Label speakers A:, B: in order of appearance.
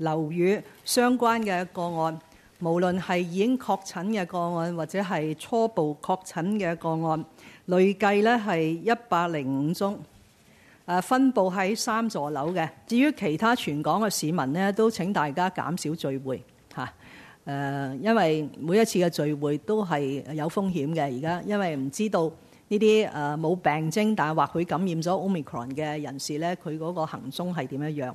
A: 樓宇相關嘅個案，無論係已經確診嘅個案，或者係初步確診嘅個案，累計呢係一百零五宗。誒，分佈喺三座樓嘅。至於其他全港嘅市民呢，都請大家減少聚會嚇。誒，因為每一次嘅聚會都係有風險嘅。而家因為唔知道呢啲誒冇病徵，但係或許感染咗 Omicron 嘅人士呢，佢嗰個行蹤係點樣樣？